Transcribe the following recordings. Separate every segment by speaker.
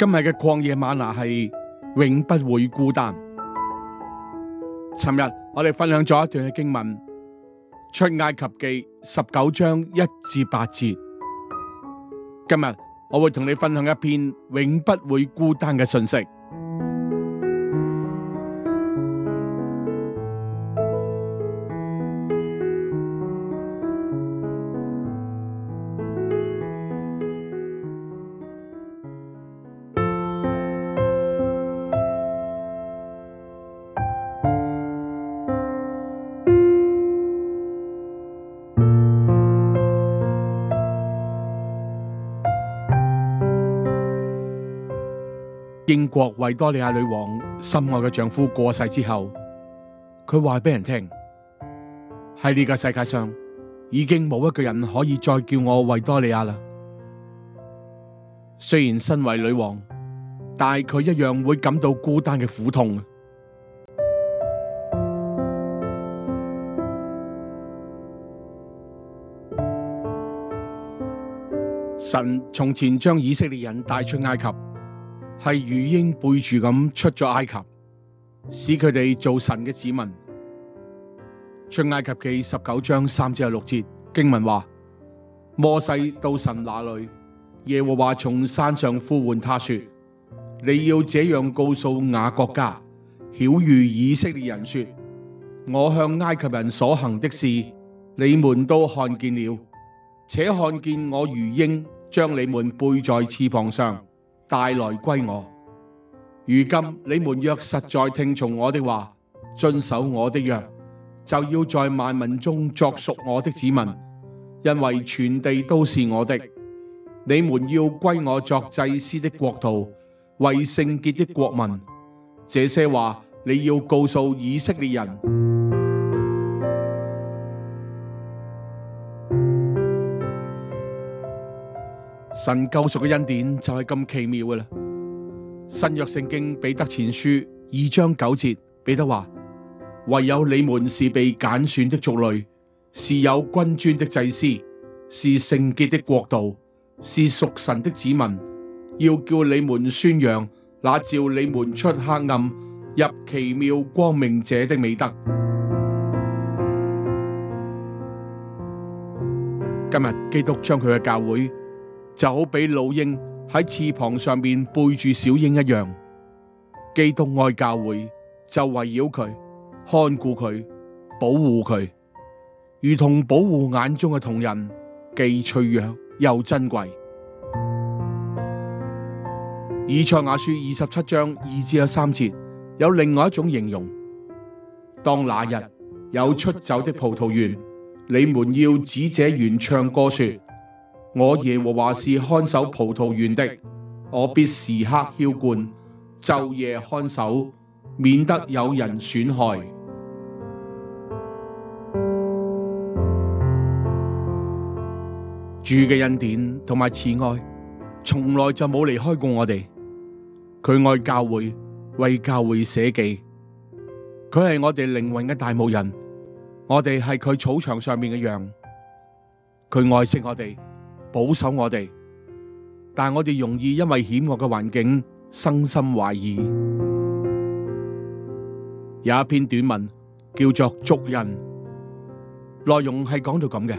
Speaker 1: 今日嘅曠野嗎哪係永不會孤單。尋日我哋分享咗一段嘅經文《出埃及記》十九章一至八節。今日我會同你分享一篇永不會孤單嘅信息。博維多利亞女王心愛嘅丈夫過世之後，佢話俾人聽：喺呢個世界上，已經冇一個人可以再叫我維多利亞啦。雖然身為女王，但係佢一樣會感到孤單嘅苦痛。神從前將以色列人帶出埃及。係如鷹背住咁出咗埃及，使佢哋做神嘅子民。出埃及記十九章三至六節經文話：摩西到神那裏，耶和華從山上呼喚他說：你要這樣告訴雅各家，曉諭以色列人說：我向埃及人所行的事，你們都看見了，且看見我如鷹將你們背在翅膀上。帶來歸我。如今你們若實在聽從我的話，遵守我的約，就要在萬民中作屬我的子民，因為全地都是我的。你們要歸我作祭司的國度，為聖潔的國民。這些話你要告訴以色列人。神救贖嘅恩典就係咁奇妙嘅啦！新約聖經彼得前書二章九節，彼得話：唯有你們是被揀選的族類，是有君尊的祭司，是聖潔的國度，是屬神的子民，要叫你們宣揚那召你們出黑暗入奇妙光明者的美德。今日基督將佢嘅教會。就好比老鷹喺翅膀上面背住小鷹一樣，基督愛教會就圍繞佢，看顧佢，保護佢，如同保護眼中嘅瞳人，既脆弱又珍貴。 以賽亞書二十七章二至三節有另外一種形容：當那日有出走的葡萄園，你們要指著這園唱歌說。我耶和華是看守葡萄園的，我必時刻澆灌，晝夜看守，免得有人損害。 主嘅恩典同埋慈愛，從來就冇離開過我哋。佢愛教會，為教會捨己。佢係我哋靈魂嘅大牧人，我哋係佢草場上面嘅羊。佢愛惜我哋。保守我哋，但我哋容易因為險惡嘅環境，生心懷疑。有一篇短文叫做《足印》，內容係講到咁嘅：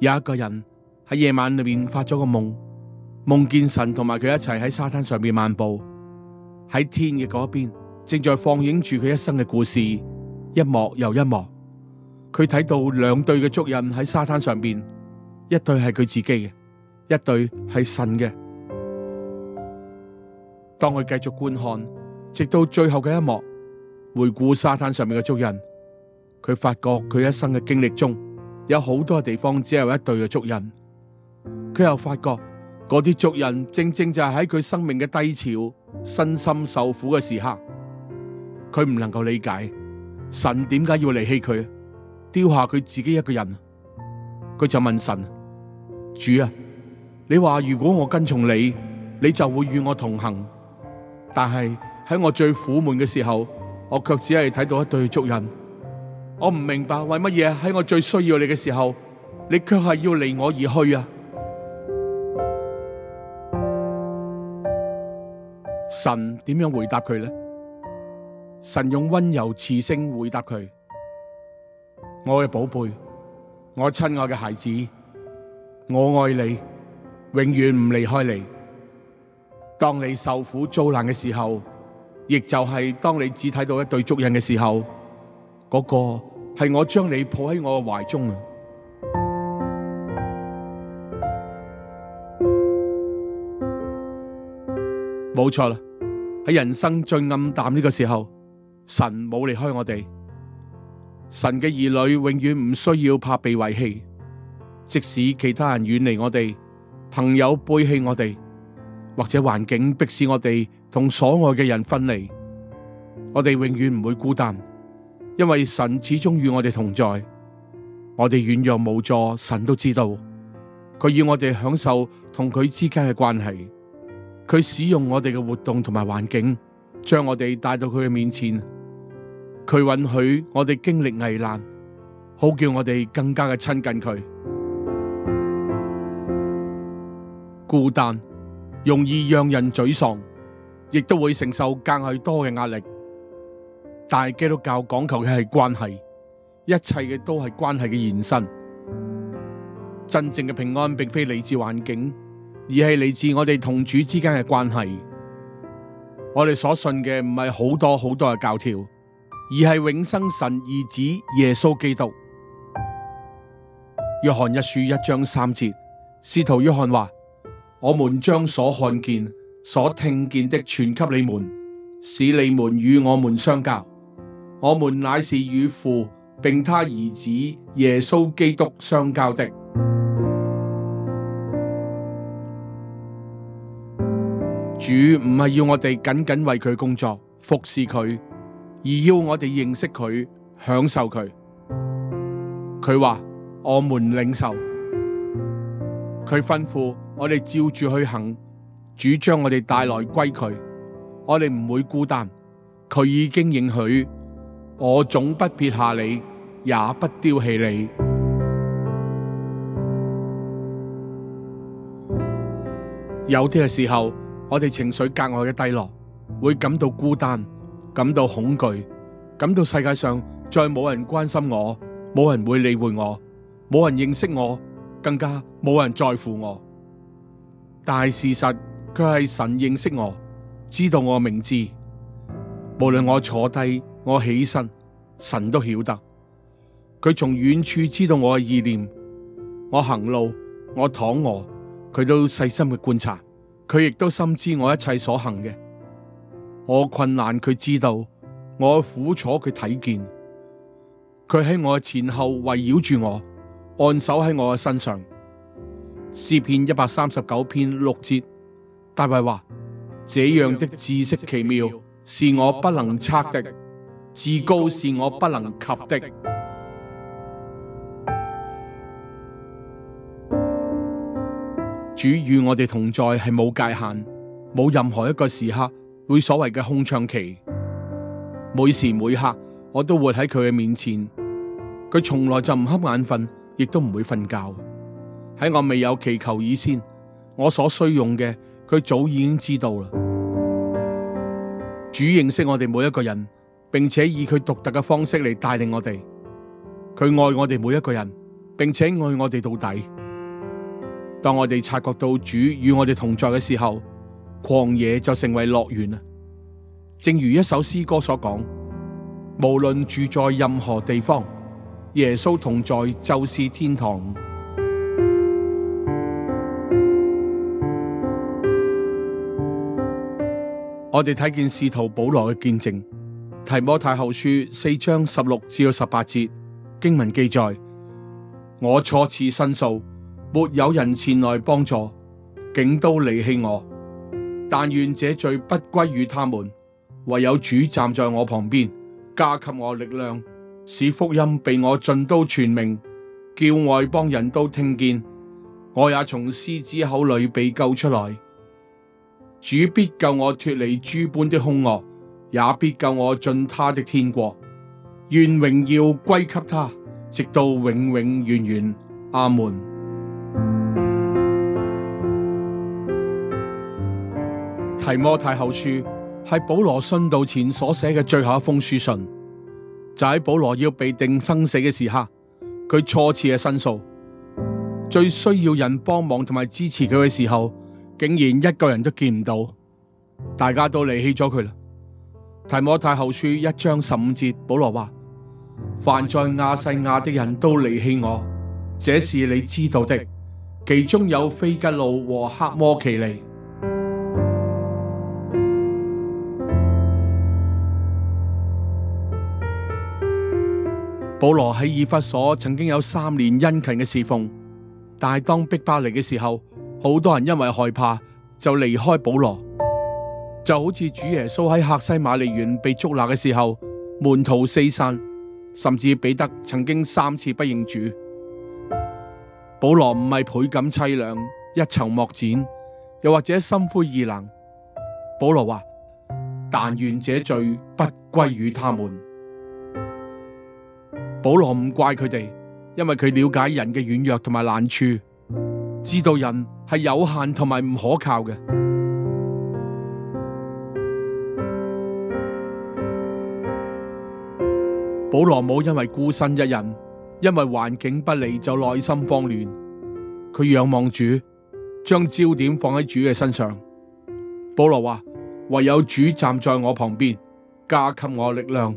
Speaker 1: 有一個人喺夜晚裏面發咗個夢，夢見神同埋佢一齊喺沙灘上面漫步，喺天嘅嗰邊正在放映住佢一生嘅故事，一幕又一幕。佢睇到兩對嘅足印喺沙灘上邊。一對係佢自己嘅，一對係神嘅。當佢繼續觀看，直到最後嘅一幕，回顧沙灘上面嘅足印，佢發覺佢一生嘅經歷中有好多地方只有一對嘅足印。佢又發覺嗰啲足印正正就係喺佢生命嘅低潮、身心受苦嘅時刻。佢唔能夠理解神點解要離棄佢，丟下佢自己一個人。佢就問神。主啊，你話如果我跟從你，你就會與我同行。但係喺我最苦悶嘅時候，我卻只係睇到一對足印。我唔明白為乜嘢喺我最需要你嘅時候，你卻係要離我而去啊！神點樣回答佢呢？神用温柔慈聲回答佢：我嘅寶貝，我親愛嘅孩子。我愛你，永遠唔離開你。當你受苦遭難嘅時候，亦就係當你只睇到一對足印嘅時候，嗰個係我將你抱喺我嘅懷中啊！冇錯啦，喺人生最暗淡呢個時候，神冇離開我哋，神嘅兒女永遠唔需要怕被遺棄。即使其他人遠離我哋，朋友背棄我哋，或者環境逼使我哋同所愛嘅人分離，我哋永遠唔會孤單，因為神始終與我哋同在。我哋軟弱無助，神都知道，佢要我哋享受同佢之間嘅關係。佢使用我哋嘅活動同埋環境，將我哋帶到佢嘅面前。佢允許我哋經歷危難，好叫我哋更加嘅親近佢。孤單容易讓人沮喪，亦都會承受更係多嘅壓力。但係基督教講求嘅係關係，一切嘅都係關係嘅延伸。真正嘅平安並非嚟自環境，而係嚟自我哋同主之間嘅關係。我哋所信嘅唔係好多好多嘅教條，而係永生神兒子耶穌基督。約翰一書一章三節，司徒約翰話。我們將所看見、所聽見的傳給你們，使你們與我們相交。我們乃是與父，並他兒子耶穌基督相交的。主唔係要我哋僅僅為佢工作、服侍佢，而要我哋認識佢、享受佢。佢話：我們領受，佢吩咐。我哋照住去行，主將我哋帶來歸佢。我哋唔會孤單，佢已經應許，我總不撇下你，也不丟棄你。 有啲嘅時候，我哋情緒格外嘅低落，會感到孤單，感到恐懼，感到世界上再冇人關心我，冇人會理會我，冇人認識我，更加冇人在乎我。但係事實，佢係神認識我，知道我名字。無論我坐低，我起身，神都曉得。佢從遠處知道我嘅意念。我行路，我躺卧，佢都細心去觀察。佢亦都深知我一切所行嘅。我困難，佢知道；我苦楚，佢睇見。佢喺我前後圍繞住我，按手喺我嘅身上。詩篇一百三十九篇六節，大衛話：這樣的知識奇妙，是我不能測的；至高是我不能及的。主與我哋同在係冇界限，冇任何一個時刻會所謂嘅空窗期。每時每刻，我都會喺佢嘅面前。佢從來就唔瞌眼瞓，亦都唔會瞓覺。喺我未有祈求以先，我所需用嘅，佢早已經知道啦。主認識我哋每一個人，並且以佢獨特嘅方式嚟帶領我哋。佢愛我哋每一個人，並且愛我哋到底。當我哋察覺到主與我哋同在嘅時候，曠野就成為樂園啦。正如一首詩歌所講：無論住在任何地方，耶穌同在就是天堂。我哋睇見使徒保羅嘅見證，《提摩太後書》四章十六至十八節經文記載：我初次申訴，沒有人前來幫助，竟都離棄我。但願這罪不歸於他們，唯有主站在我旁邊，加給我力量，使福音被我盡都傳明，叫外邦人都聽見。我也從獅子口裏被救出來。主必救我脫離諸般的兇惡，也必救我進他的天國。願榮耀歸給他，直到永永遠遠。阿門。提摩太後書係保羅殉道前所寫嘅最後一封書信，就喺保羅要被定生死嘅時刻，佢初次嘅申訴，最需要人幫忙同埋支持佢嘅時候。竟然一個人都見唔到，大家都離棄咗佢啦。提摩太後書一章十五節，保羅話：凡在亞細亞的人都離棄我，這是你知道的。其中有腓吉路和黑摩其尼。保羅喺以弗所曾經有三年殷勤嘅侍奉，但係當逼迫嚟嘅時候。好多人因為害怕就離開保羅，就好似主耶穌喺客西馬尼園被捉拿嘅時候，門徒四散，甚至彼得曾經三次不認主。保羅唔係倍感凄涼、一籌莫展，又或者心灰意冷。保羅話：但願這罪不歸於他們。保羅唔怪佢哋，因為佢了解人嘅軟弱同埋難處。知道人係有限同埋唔可靠嘅。保羅冇因為孤身一人，因為環境不利就內心慌亂。佢仰望主，將焦點放喺主嘅身上。保羅話：唯有主站在我旁邊，加給我力量，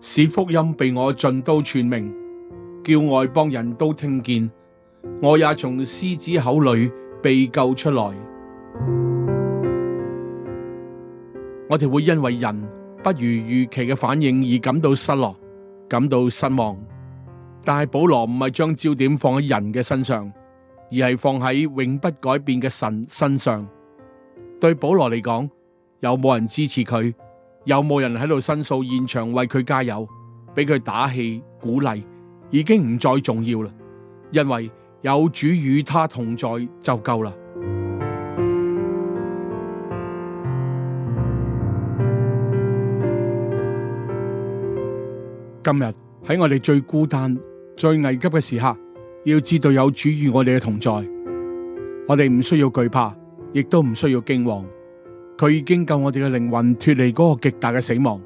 Speaker 1: 使福音被我盡都傳明，叫外邦人都聽見。我也從獅子口裏被救出來。我哋會因為人不如預期嘅反應而感到失落、感到失望，但係保羅唔係將焦點放喺人嘅身上，而係放喺永不改變嘅神身上。對保羅嚟講，有冇人支持佢，有冇人喺度申訴現場為佢加油，俾佢打氣鼓勵，已經唔再重要啦，因為，有主與他同在就夠啦。今日喺我哋最孤單、最危急嘅時刻，要知道有主與我哋嘅同在，我哋唔需要懼怕，亦都唔需要驚惶。佢已經救我哋嘅靈魂脫離嗰個極大嘅死亡，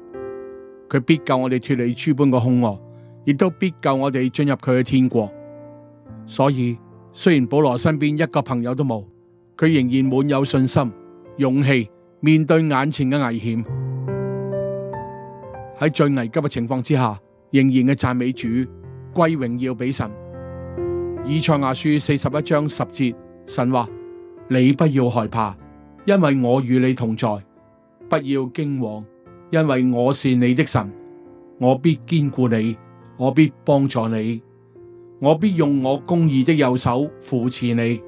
Speaker 1: 佢必救我哋脫離諸般嘅兇惡，亦都必救我哋進入佢嘅天國。所以，雖然保羅身邊一個朋友都冇，佢仍然滿有信心、勇氣面對眼前嘅危險。喺最危急嘅情況之下，仍然嘅讚美主歸榮耀俾神。以賽亞書四十一章十節，神話：你不要害怕，因為我與你同在；不要驚惶，因為我是你的神，我必堅固你，我必幫助你。我必用我公義的右手扶持你。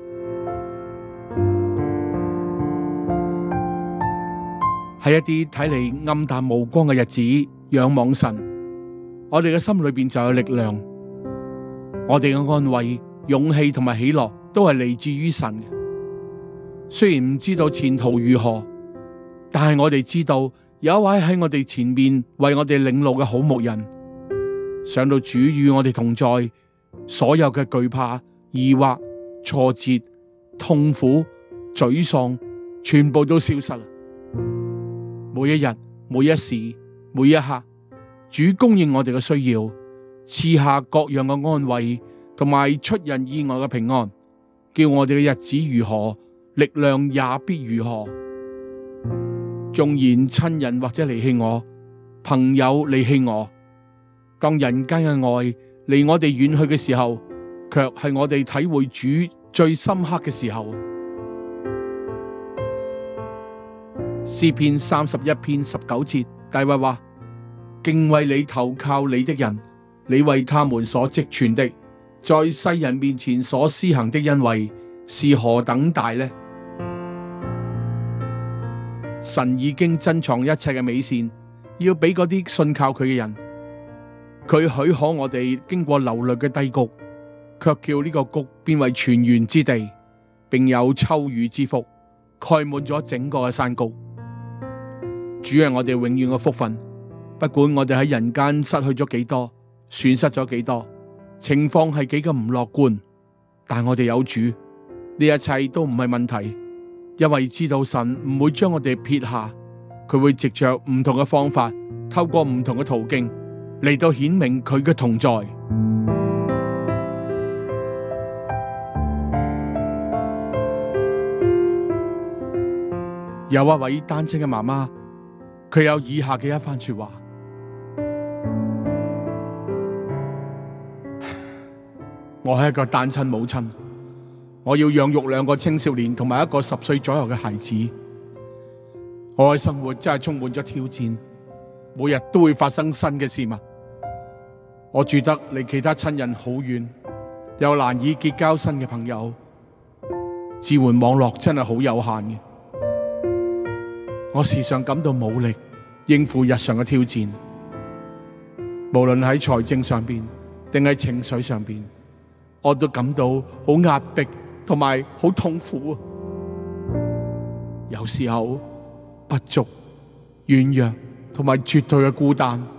Speaker 1: 喺一啲睇嚟暗淡無光嘅日子，仰望神，我哋嘅心裏邊就有力量。我哋嘅安慰、勇氣同埋喜樂都係嚟自於神嘅。雖然唔知道前途如何，但係我哋知道有一位喺我哋前面為我哋領路嘅好牧人。想到主與我哋同在。所有嘅懼怕、疑惑、挫折、痛苦、沮喪，全部都消失啦。每一日、每一時、每一刻，主供應我哋嘅需要，賜下各樣嘅安慰，同埋出人意外嘅平安，叫我哋嘅日子如何，力量也必如何。縱然親人或者離棄我，朋友離棄我，當人間嘅愛，離我哋遠去嘅時候，卻係我哋體會主最深刻嘅時候。詩篇三十一篇十九節，大衛話：敬畏你投靠你的人，你為他們所積存的，在世人面前所施行的恩惠是何等大呢？神已經珍藏一切嘅美善，要俾嗰啲信靠佢嘅人。佢許可我哋經過流淚嘅低谷，卻叫呢個谷變為泉源之地，並有秋雨之福，蓋滿咗整個嘅山谷。主係我哋永遠嘅福分，不管我哋喺人間失去咗幾多，損失咗幾多，情況係幾咁唔樂觀，但我哋有主，呢一切都唔係問題，因為知道神唔會將我哋撇下，佢會藉着唔同嘅方法，透過唔同嘅途徑，嚟到顯明佢嘅同在。有一位單親嘅媽媽，佢有以下嘅一番說話：「 我係一個單親母親，我要養育兩個青少年同埋一個十歲左右嘅孩子，我嘅生活真係充滿咗挑戰，每日都會發生新嘅事物。我住得離其他親人好遠，又難以結交新嘅朋友，支援網絡真係好有限嘅。我時常感到冇力應付日常嘅挑戰，無論喺財政上面定喺情緒上面，我都感到好壓迫同埋好痛苦啊！有時候不足、軟弱同埋絕對嘅孤單。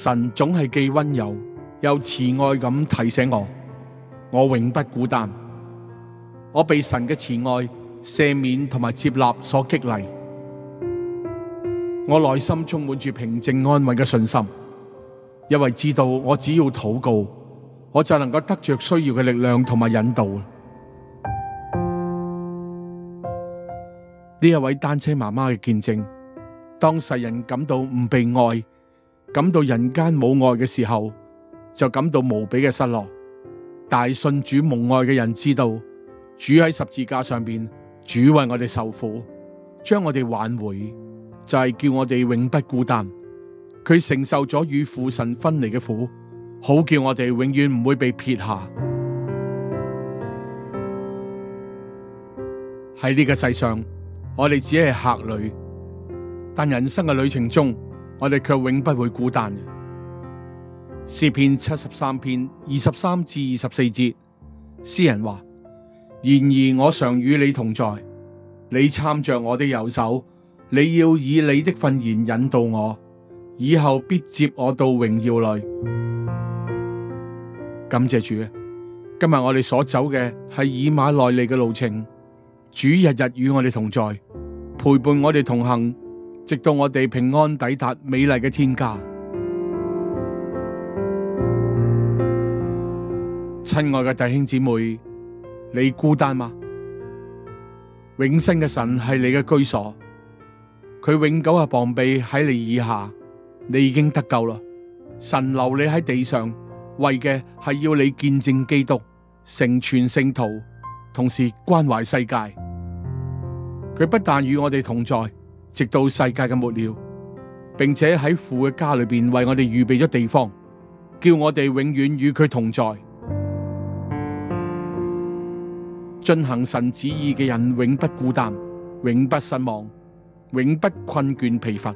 Speaker 1: 神總係既溫柔又慈愛咁提醒我，我永不孤單。我被神嘅慈愛、赦免同埋接納所激勵，我內心充滿住平靜安穩嘅信心，因為知道我只要禱告，我就能夠得着需要嘅力量同埋引導。呢一位單親媽媽嘅見證，當世人感到唔被愛，感到人間無愛嘅時候，就感到無比嘅失落。但信主蒙愛嘅人知道，主喺十字架上邊，主為我哋受苦，將我哋挽回，就係叫我哋永不孤單。佢承受咗與父神分離嘅苦，好叫我哋永遠唔會被撇下。喺呢個世上，我哋只係客旅，但人生嘅旅程中，我哋卻永不會孤單嘅，詩篇七十三篇二十三至二十四節，詩人話：然而我常與你同在，你攙著我的右手，你要以你的訓言引導我，以後必接我到榮耀裏。感謝主，今日我哋所走嘅係以馬內利嘅路程，主日日與我哋同在，陪伴我哋同行。直到我哋平安抵達美麗嘅天家，親愛嘅弟兄姊妹，你孤單嗎？永生嘅神係你嘅居所，佢永久嘅膀臂喺你以下。你已經得救啦，神留你喺地上，為嘅係要你見證基督，成全聖徒，同時關懷世界。佢不但與我哋同在。直到世界嘅末了，並且喺父嘅家裏邊為我哋預備咗地方，叫我哋永遠與佢同在。遵行神旨意嘅人永不孤單，永不失望，永不困倦疲乏，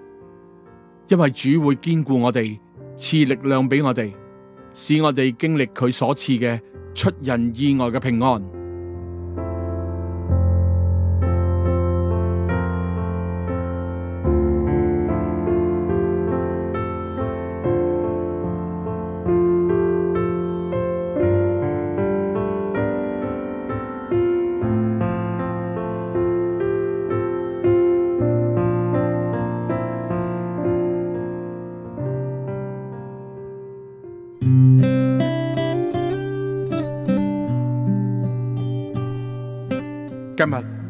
Speaker 1: 因為主會堅固我哋，賜力量俾我哋，使我哋經歷佢所賜嘅出人意外嘅平安。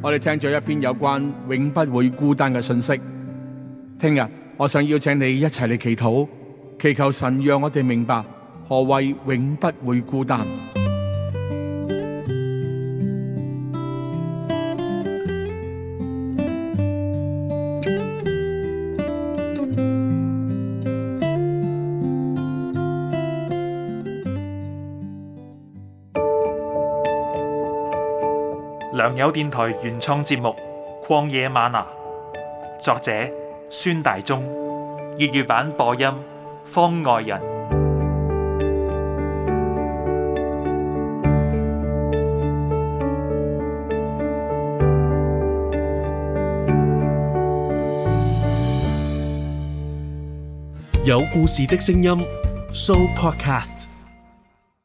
Speaker 1: 我哋聽咗一篇有關永不會孤單嘅信息。聽日，我想邀請你一齊嚟祈禱，祈求神讓我哋明白何謂永不會孤單。良友電台原創節目《曠野嗎哪》，作者孫大中，粵語版播音方外人，有故事的聲音，Show Podcast。